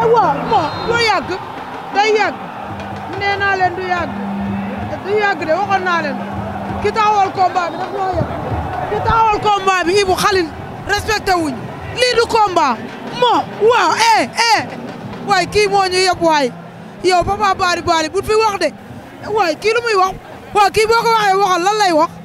aywa bon du yàgg day yàgg nee naa yàgg du yàgg de waxoon naa leen ki taxawal combat bi daf ñoo yàgg ki taxawal combat bi Ibou Khalil respecté lii du combat moo waaw eh eh waay kii moo ñu yëpp waay yow Papa Bari bu fi wax de waay kii lu muy wax kii boo ko waxee waxal lan lay wax